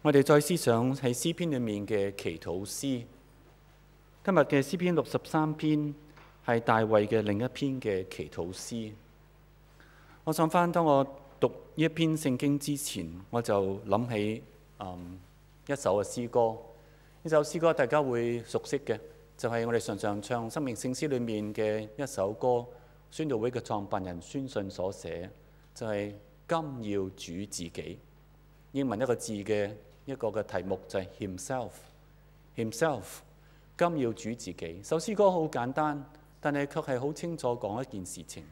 我哋再思想喺詩篇裏面嘅祈禱詩。今日嘅詩篇六十三篇係大衛嘅另一篇嘅祈禱詩。我想翻，當我讀呢一篇聖經之前，我就諗起、嗯、一首嘅詩歌。呢首詩歌大家會熟悉嘅，就係、是、我哋常常唱《生命聖詩》裏面嘅一首歌，宣道會嘅創辦人宣信所寫，就係、是、《今要主自己》。英文一個字嘅。一個嘅題目就係 him himself，himself，今要主自己。首詩歌好簡單，但係卻係好清楚講一件事情。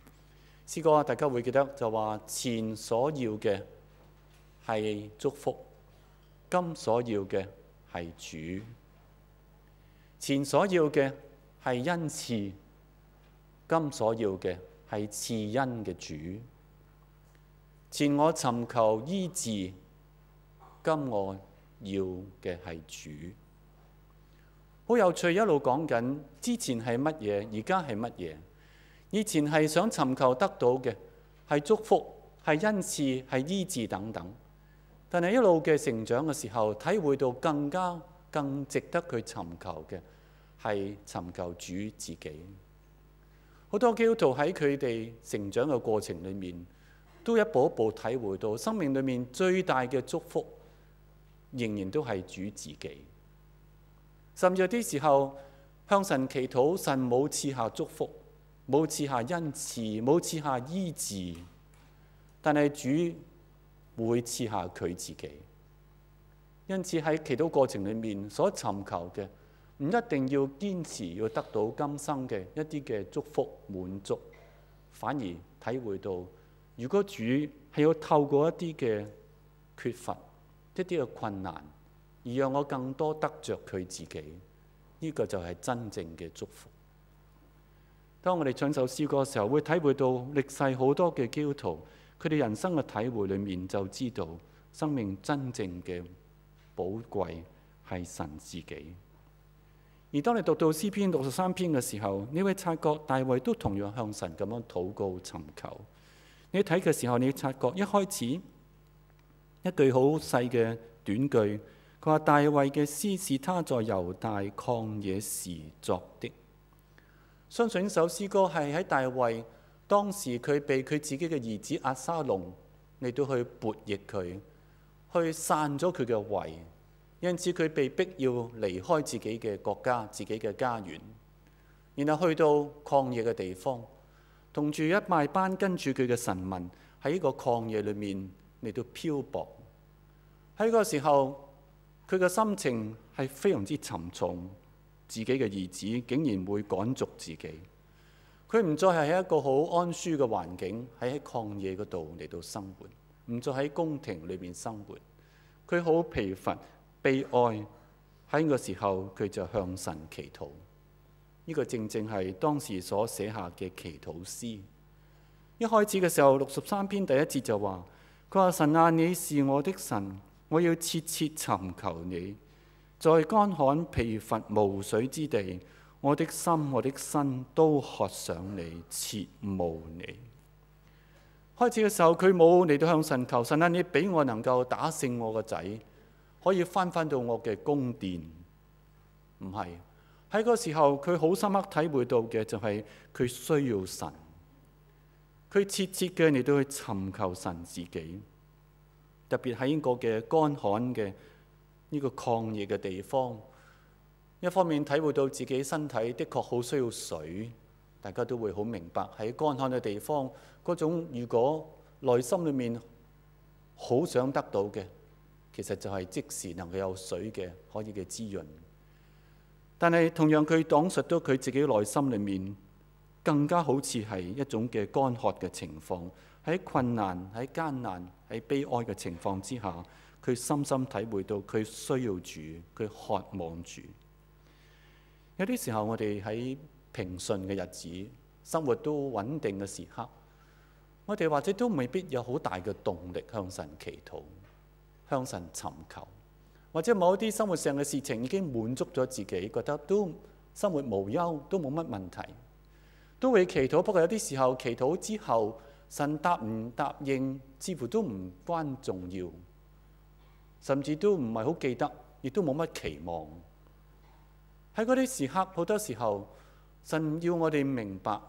詩歌大家會記得就話前所要嘅係祝福，今所要嘅係主。前所要嘅係恩賜，今所要嘅係賜恩嘅主。前我尋求醫治，今我要嘅係主，好有趣，一路講緊之前係乜嘢，而家係乜嘢。以前係想尋求得到嘅係祝福，係恩賜，係醫治等等，但係一路嘅成長嘅時候，體會到更加更值得去尋求嘅係尋求主自己。好多基督徒喺佢哋成長嘅過程裏面，都一步一步體會到生命裏面最大嘅祝福。仍然都係主自己，甚至有啲時候向神祈禱，神冇賜下祝福，冇賜下恩賜，冇賜下醫治，但係主會賜下佢自己。因此喺祈禱過程裏面所尋求嘅，唔一定要堅持要得到今生嘅一啲嘅祝福滿足，反而體會到，如果主係要透過一啲嘅缺乏。一啲嘅困難，而讓我更多得着佢自己，呢個就係真正嘅祝福。當我哋唱首詩歌嘅時候，會體會到歷世好多嘅基督徒，佢哋人生嘅體會裡面就知道生命真正嘅寶貴係神自己。而當你讀到詩篇六十三篇嘅時候，你會察覺大衛都同樣向神咁樣禱告尋求。你睇嘅時候，你會察覺一開始。一句好細嘅短句，佢話大衛嘅詩是他在猶大曠野時作的。相信首詩歌係喺大衛當時佢被佢自己嘅兒子押沙龍嚟到去叛逆佢，去散咗佢嘅位，因此佢被逼要離開自己嘅國家，自己嘅家園，然後去到曠野嘅地方，同住一賣班跟住佢嘅神民喺呢個曠野裏面嚟到漂泊。喺個時候，佢嘅心情係非常之沉重。自己嘅兒子竟然會趕逐自己，佢唔再係喺一個好安舒嘅環境，喺喺曠野嗰度嚟到生活，唔再喺宮廷裏面生活。佢好疲乏、悲哀。喺個時候，佢就向神祈禱。呢個正正係當時所寫下嘅祈禱詩。一開始嘅時候，六十三篇第一節就話：佢話神啊，你是我的神。我要切切尋求你，在乾旱疲乏無水之地，我的心、我的身都渴想你，切慕你。開始嘅時候，佢冇嚟到向神求神啦，你俾我能夠打勝我個仔，可以翻翻到我嘅宮殿。唔係，喺嗰時候佢好深刻體會到嘅就係佢需要神，佢切切嘅嚟到去尋求神自己。特別喺呢個嘅乾旱嘅呢個抗熱嘅地方，一方面體會到自己身體的確好需要水，大家都會好明白喺乾旱嘅地方嗰種，如果內心裡面好想得到嘅，其實就係即時能夠有水嘅可以嘅滋潤。但係同樣佢講述到佢自己內心裡面更加好似係一種嘅乾渴嘅情況，喺困難，喺艱難。喺悲哀嘅情況之下，佢深深體會到佢需要主，佢渴望主。有啲時候，我哋喺平順嘅日子、生活都穩定嘅時刻，我哋或者都未必有好大嘅動力向神祈禱、向神尋求，或者某一啲生活上嘅事情已經滿足咗自己，覺得都生活無憂，都冇乜問題，都會祈禱。不過有啲時候，祈禱之後，神答唔答應，似乎都唔關重要，甚至都唔係好記得，亦都冇乜期望。喺嗰啲時刻，好多時候，神要我哋明白，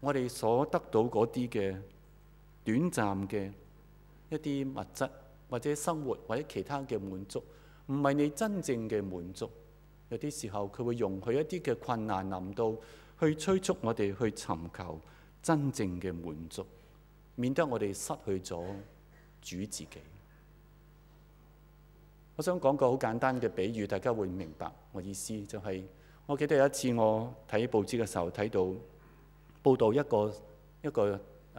我哋所得到嗰啲嘅短暫嘅一啲物質或者生活，或者其他嘅滿足，唔係你真正嘅滿足。有啲時候，佢會容許一啲嘅困難臨到去催促我哋去尋求真正嘅滿足。免得我哋失去咗主自己。我想講個好簡單嘅比喻，大家會明白我意思。就係我記得有一次我睇報紙嘅時候，睇到報導一個一個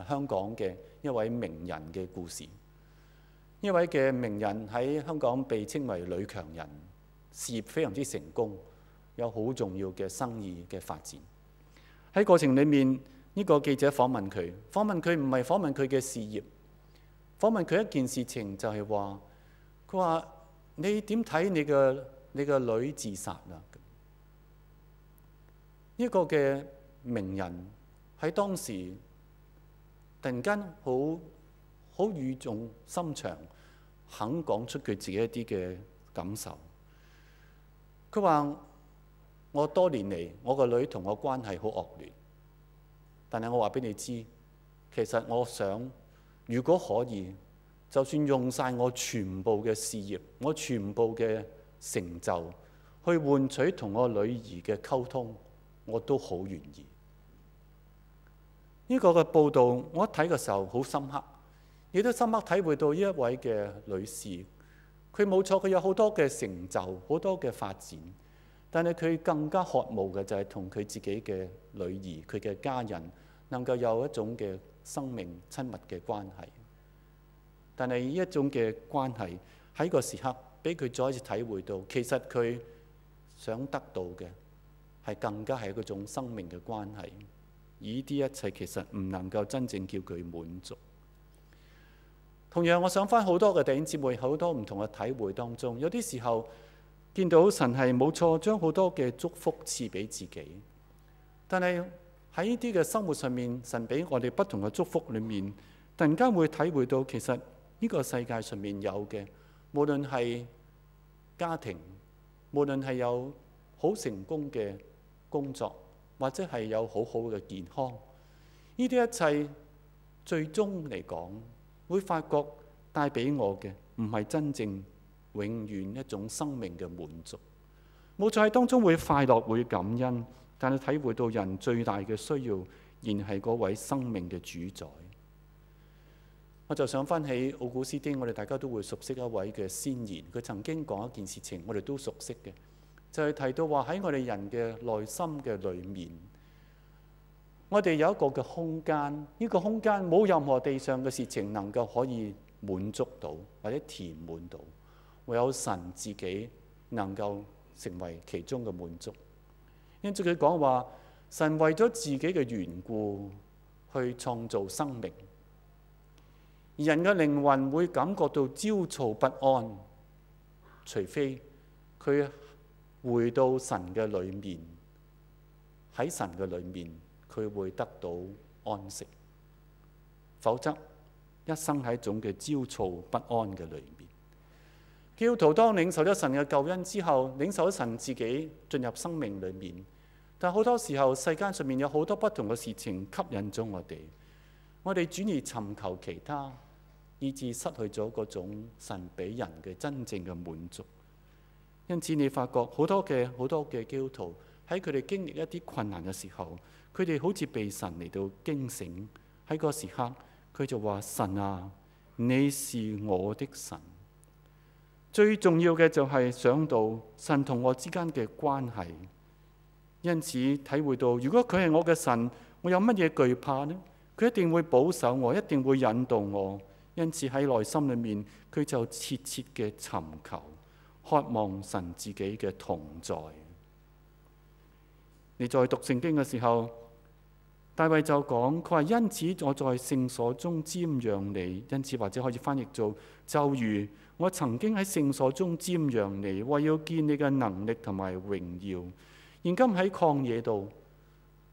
香港嘅一位名人嘅故事。呢位嘅名人喺香港被稱為女強人，事業非常之成功，有好重要嘅生意嘅發展。喺過程裡面，呢個記者訪問佢，訪問佢唔係訪問佢嘅事業，訪問佢一件事情就係話，佢話你點睇你嘅你嘅女自殺啊？呢個嘅名人喺當時突然間好好語重心長，肯講出佢自己一啲嘅感受。佢話：我多年嚟，我個女同我關係好惡劣。但係我話俾你知，其實我想，如果可以，就算用晒我全部嘅事業，我全部嘅成就，去換取同我女兒嘅溝通，我都好願意。呢個嘅報導，我一睇嘅時候好深刻，亦都深刻體會到呢一位嘅女士，佢冇錯，佢有好多嘅成就，好多嘅發展，但係佢更加渴望嘅就係同佢自己嘅女兒，佢嘅家人，能夠有一種嘅生命親密嘅關係，但係呢一種嘅關係喺個時刻俾佢再一次體會到，其實佢想得到嘅係更加係嗰種生命嘅關係。以啲一切其實唔能夠真正叫佢滿足。同樣，我想翻好多嘅弟兄姊妹，好多唔同嘅體會當中，有啲時候見到神係冇錯，將好多嘅祝福賜俾自己，但係。喺呢啲嘅生活上面，神俾我哋不同嘅祝福裏面，突然間會體會到其實呢個世界上面有嘅，無論係家庭，無論係有好成功嘅工作，或者係有好好嘅健康，呢啲一切最終嚟講，會發覺帶俾我嘅唔係真正永遠一種生命嘅滿足。冇錯，係當中會快樂，會感恩。但係體會到人最大嘅需要，仍係嗰位生命嘅主宰。我就想返起奧古斯丁，我哋大家都會熟悉一位嘅先賢。佢曾經講一件事情，我哋都熟悉嘅，就係提到話喺我哋人嘅內心嘅裏面，我哋有一個嘅空間，呢個空間冇任何地上嘅事情能夠可以滿足到或者填滿到，唯有神自己能夠成為其中嘅滿足。因此佢講話，神為咗自己嘅緣故去創造生命。人嘅靈魂會感覺到焦躁不安，除非佢回到神嘅裏面，喺神嘅裏面佢會得到安息。否則，一生喺一種嘅焦躁不安嘅裏面。教徒當領受咗神嘅救恩之後，領受咗神自己進入生命裏面。但好多時候，世間上面有好多不同嘅事情吸引咗我哋，我哋轉而尋求其他，以致失去咗嗰種神俾人嘅真正嘅滿足。因此你發覺好多嘅好多嘅基督徒喺佢哋經歷一啲困難嘅時候，佢哋好似被神嚟到驚醒。喺嗰時刻，佢就話：神啊，你是我的神。最重要嘅就係想到神同我之間嘅關係。因此體會到，如果佢係我嘅神，我有乜嘢懼怕呢？佢一定會保守我，一定會引導我。因此喺內心裏面，佢就切切嘅尋求，渴望神自己嘅同在。你在讀聖經嘅時候，大衛就講：佢話因此我在聖所中瞻仰你，因此或者可以翻譯做就如我曾經喺聖所中瞻仰你，為要見你嘅能力同埋榮耀。現今喺曠野度，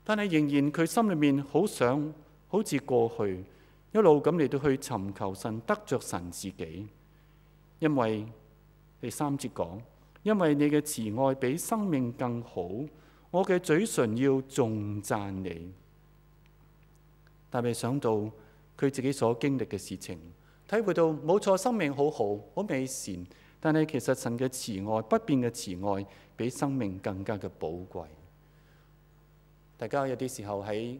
但係仍然佢心裏面好想，好似過去一路咁嚟到去尋求神，得着神自己。因為第三節講，因為你嘅慈愛比生命更好，我嘅嘴唇要頌讚你。但係想到佢自己所經歷嘅事情，體會到冇錯，生命好好，好美善。但係其實神嘅慈愛，不變嘅慈愛，比生命更加嘅寶貴。大家有啲時候喺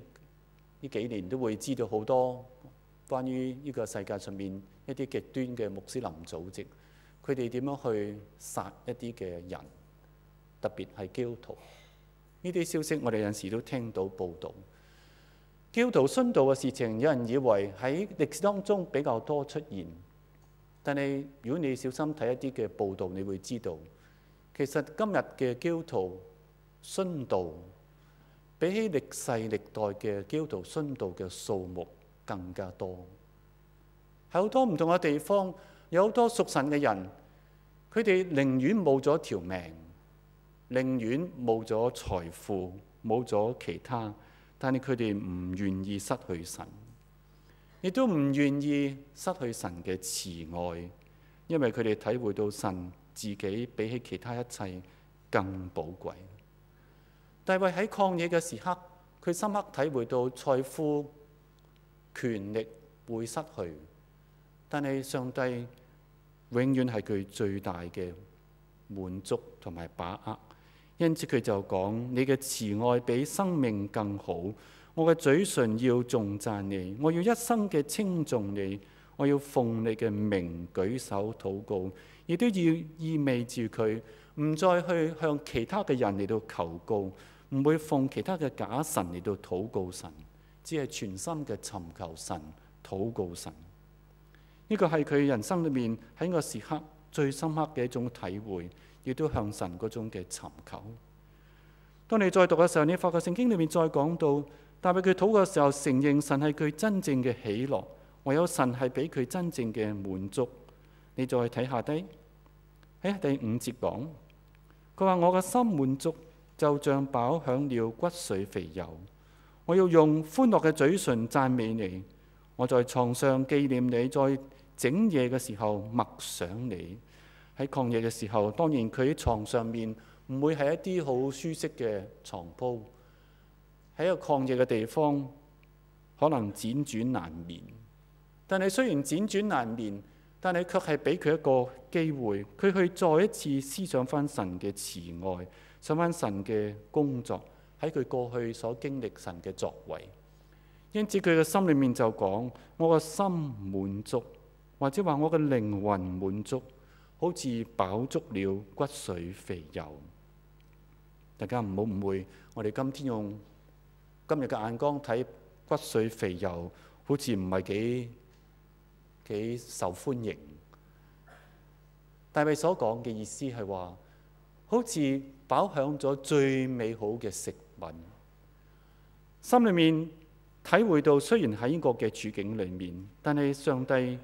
呢幾年都會知道好多關於呢個世界上面一啲極端嘅穆斯林組織，佢哋點樣去殺一啲嘅人，特別係基督徒。呢啲消息我哋有時都聽到報導，基督徒殉道嘅事情，有人以為喺歷史當中比較多出現。但係，如果你小心睇一啲嘅報道，你會知道，其實今日嘅基督徒殉道，比起歷世歷代嘅基督徒殉道嘅數目更加多。喺好多唔同嘅地方，有好多屬神嘅人，佢哋寧願冇咗條命，寧願冇咗財富，冇咗其他，但係佢哋唔願意失去神。亦都唔願意失去神嘅慈愛，因為佢哋體會到神自己比起其他一切更寶貴。大衛喺曠野嘅時刻，佢深刻體會到財富權力會失去，但係上帝永遠係佢最大嘅滿足同埋把握，因此佢就講：你嘅慈愛比生命更好。我嘅嘴唇要頌讚你，我要一生嘅稱頌你，我要奉你嘅名舉手禱告，亦都要意味住佢唔再去向其他嘅人嚟到求告，唔會奉其他嘅假神嚟到禱告神，只係全心嘅尋求神禱告神。呢、呢個係佢人生裏面喺個時刻最深刻嘅一種體會，亦都向神嗰種嘅尋求。當你再讀嘅時候，你發覺聖經裏面再講到。但係佢禱嘅時候，承認神係佢真正嘅喜樂，唯有神係俾佢真正嘅滿足。你再睇下低，喺、哎、第五節講，佢話我嘅心滿足，就像飽享了骨髓肥油。我要用歡樂嘅嘴唇讚美你，我在床上紀念你，在整夜嘅時候默想你。喺曠野嘅時候，當然佢喺床上面唔會係一啲好舒適嘅床鋪。喺一個曠野嘅地方，可能輾轉難眠。但係雖然輾轉難眠，但係卻係俾佢一個機會，佢去再一次思想翻神嘅慈愛，想翻神嘅工作，喺佢過去所經歷神嘅作為。因此佢嘅心裏面就講：我個心滿足，或者話我嘅靈魂滿足，好似飽足了骨髓肥油。大家唔好誤會，我哋今天用。今日嘅眼光睇骨髓肥油，好似唔係幾幾受歡迎。大衛所講嘅意思係話，好似飽享咗最美好嘅食物，心裏面體會到雖然喺英國嘅處境裏面，但係上帝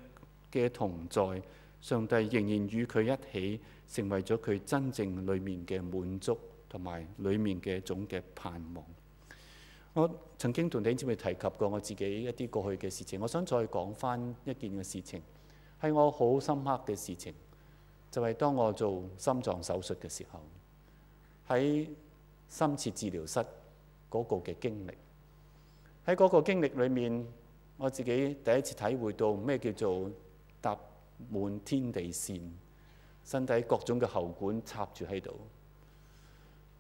嘅同在，上帝仍然與佢一起，成為咗佢真正裏面嘅滿足，同埋裏面嘅一種嘅盼望。我曾經同你先未提及過我自己一啲過去嘅事情，我想再講翻一件嘅事情，係我好深刻嘅事情，就係當我做心臟手術嘅時候，喺深切治療室嗰個嘅經歷，喺嗰個經歷裏面，我自己第一次體會到咩叫做搭滿天地線，身體各種嘅喉管插住喺度，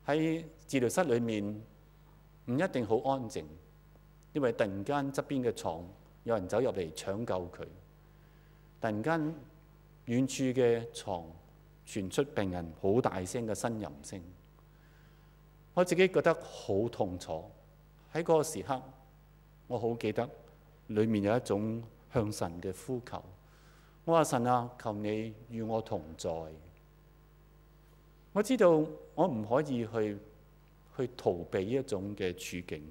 喺治療室裏面。唔一定好安靜，因為突然間側邊嘅床有人走入嚟搶救佢，突然間遠處嘅床傳出病人好大聲嘅呻吟聲，我自己覺得好痛楚。喺嗰個時刻，我好記得裡面有一種向神嘅呼求。我話神啊，求你與我同在。我知道我唔可以去。去逃避一種嘅處境，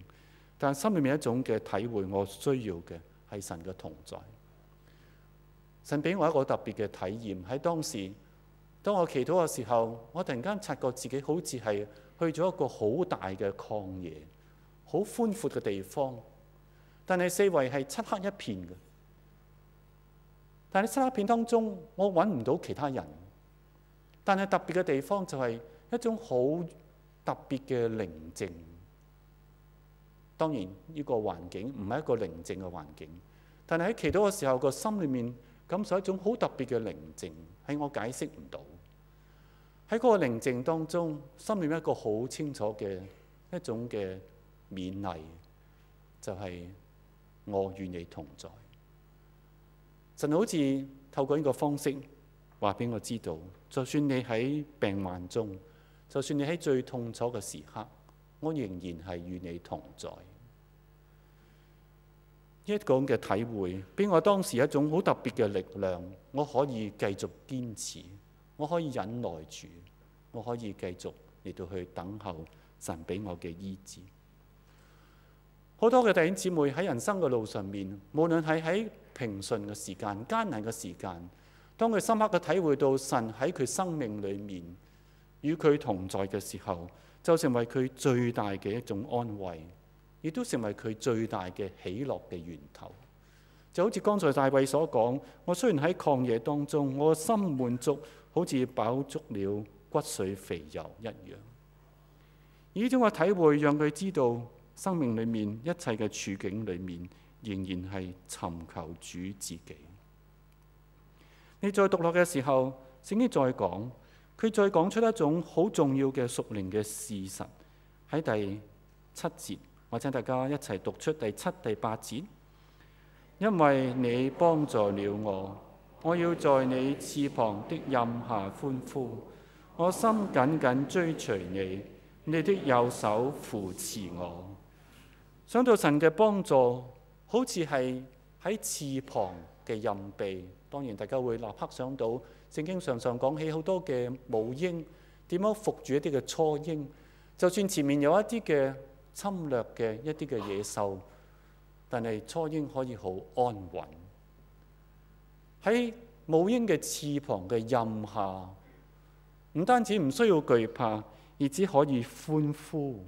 但係心裏面一種嘅體會，我需要嘅係神嘅同在。神俾我一個特別嘅體驗，喺當時，當我祈禱嘅時候，我突然間察覺自己好似係去咗一個好大嘅曠野，好寬闊嘅地方，但係四圍係漆黑一片嘅。但係漆黑片當中，我揾唔到其他人。但係特別嘅地方就係一種好特別嘅寧靜，當然呢個環境唔係一個寧靜嘅環境，但係喺祈禱嘅時候，個心裏面感受一種好特別嘅寧靜，喺我解釋唔到。喺嗰個寧靜當中，心裏面一個好清楚嘅一種嘅勉勵，就係我與你同在。神好似透過呢個方式話俾我知道，就算你喺病患中。就算你喺最痛楚嘅時刻，我仍然係與你同在。呢一個嘅體會，俾我當時一種好特別嘅力量，我可以繼續堅持，我可以忍耐住，我可以繼續嚟到去等候神俾我嘅醫治。好多嘅弟兄姊妹喺人生嘅路上面，無論係喺平順嘅時間、艱難嘅時間，當佢深刻嘅體會到神喺佢生命裏面，與佢同在嘅時候，就成為佢最大嘅一種安慰，亦都成為佢最大嘅喜樂嘅源頭。就好似剛才大衛所講，我雖然喺曠野當中，我心滿足，好似飽足了骨髓肥油一樣。而呢種嘅體會，讓佢知道生命裏面一切嘅處境裏面，仍然係尋求主自己。你再讀落嘅時候，先至再講。佢再講出一種好重要嘅屬靈嘅事實，喺第七節，我請大家一齊讀出第七、第八節。因為你幫助了我，我要在你翅膀的蔭下歡呼，我心緊緊追隨你，你的右手扶持我。想到神嘅幫助，好似係喺翅膀嘅蔭庇，當然大家會立刻想到。聖經常常講起好多嘅母鷹點樣覆住一啲嘅雛鷹，就算前面有一啲嘅侵略嘅一啲嘅野獸，但係雛鷹可以好安穩喺母鷹嘅翅膀嘅蔭下，唔單止唔需要懼怕，而只可以歡呼。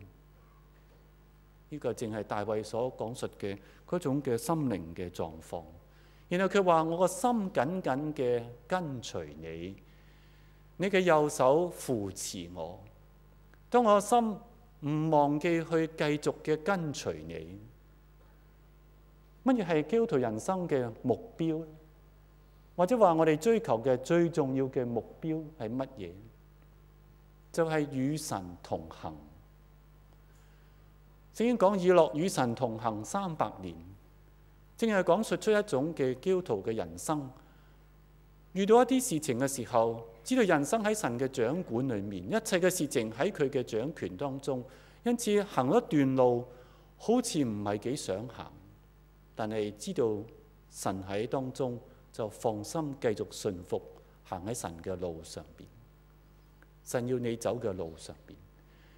呢個正係大衛所講述嘅嗰種嘅心靈嘅狀況。然後佢話，我個心緊緊嘅跟隨你，你嘅右手扶持我，當我個心唔忘記去繼續嘅跟隨你，乜嘢係基督徒人生嘅目標？或者話我哋追求嘅最重要嘅目標係乜嘢？就係與神同行。聖經講以諾與神同行三百年。正係講述出一種嘅基督徒嘅人生，遇到一啲事情嘅時候，知道人生喺神嘅掌管裏面，一切嘅事情喺佢嘅掌權當中，因此行一段路好似唔係幾想行，但係知道神喺當中，就放心繼續信服，行喺神嘅路上邊。神要你走嘅路上邊，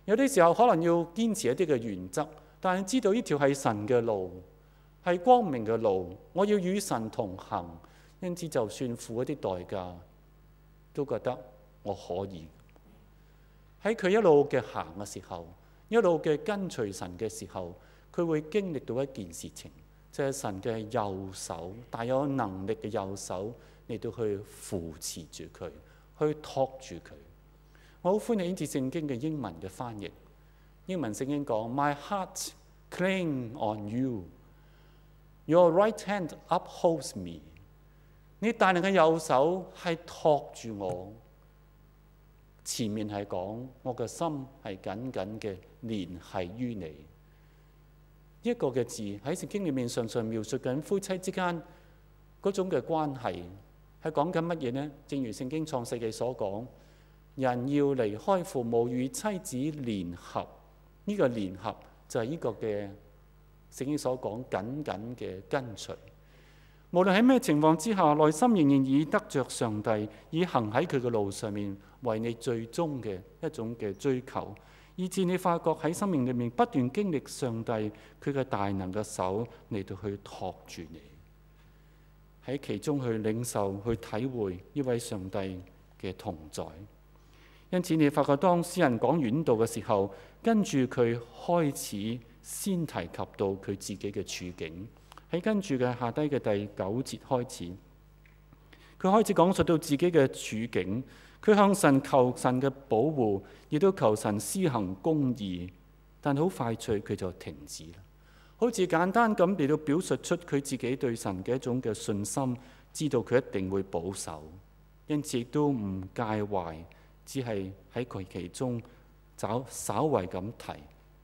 有啲時候可能要堅持一啲嘅原則，但係知道呢條係神嘅路。係光明嘅路，我要與神同行，因此就算付一啲代價，都覺得我可以喺佢一路嘅行嘅時候，一路嘅跟隨神嘅時候，佢會經歷到一件事情，就係神嘅右手，大有能力嘅右手嚟到去扶持住佢，去托住佢。我好歡喜呢次聖經嘅英文嘅翻譯，英文聖經講：My heart cling on you。Your right hand upholds me，你大人的右手係托住我。前面係講我嘅心係緊緊嘅連係於你。一個嘅字喺聖經裏面常常描述緊夫妻之間嗰種嘅關係，係講緊乜嘢呢？正如聖經創世記所講，人要離開父母與妻子聯合，呢、呢個聯合就係呢個嘅。聖經所講緊緊嘅跟隨，無論喺咩情況之下，內心仍然以得着上帝，以行喺佢嘅路上面，為你最終嘅一種嘅追求，以致你發覺喺生命裏面不斷經歷上帝佢嘅大能嘅手嚟到去托住你，喺其中去領受、去體會呢位上帝嘅同在。因此你發覺當詩人講遠道嘅時候，跟住佢開始。先提及到佢自己嘅處境，喺跟住嘅下低嘅第九節開始，佢開始講述到自己嘅處境，佢向神求神嘅保護，亦都求神施行公義。但好快脆，佢就停止啦，好似簡單咁嚟到表述出佢自己對神嘅一種嘅信心，知道佢一定會保守，因此亦都唔介懷，只係喺佢其中找稍為咁提。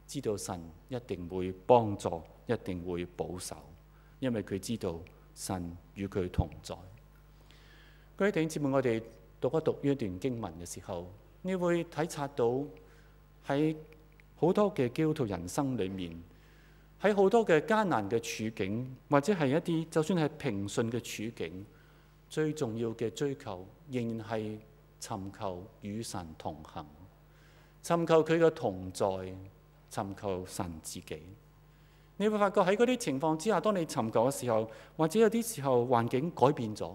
知道神一定會幫助，一定會保守，因為佢知道神與佢同在。各位弟兄姊妹，我哋讀一讀呢一段經文嘅時候，你會體察到喺好多嘅基督徒人生裏面，喺好多嘅艱難嘅處境，或者係一啲就算係平順嘅處境，最重要嘅追求，仍然係尋求與神同行，尋求佢嘅同在。尋求神自己，你會發覺喺嗰啲情況之下，當你尋求嘅時候，或者有啲時候環境改變咗，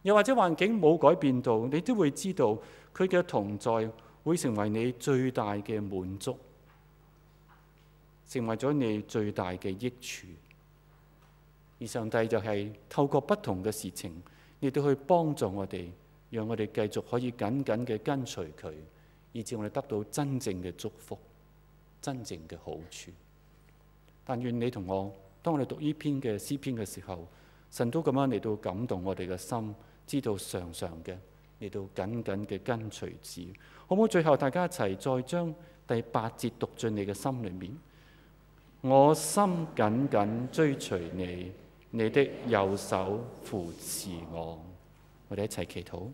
又或者環境冇改變到，你都會知道佢嘅同在會成為你最大嘅滿足，成為咗你最大嘅益處。而上帝就係透過不同嘅事情，你都去幫助我哋，讓我哋繼續可以緊緊嘅跟隨佢，以致我哋得到真正嘅祝福。真正嘅好處，但願你同我，當我哋讀呢篇嘅詩篇嘅時候，神都咁樣嚟到感動我哋嘅心，知道常常嘅嚟到緊緊嘅跟隨主，好唔好？最後大家一齊再將第八節讀進你嘅心裏面。我心緊緊追隨你，你的右手扶持我。我哋一齊祈禱。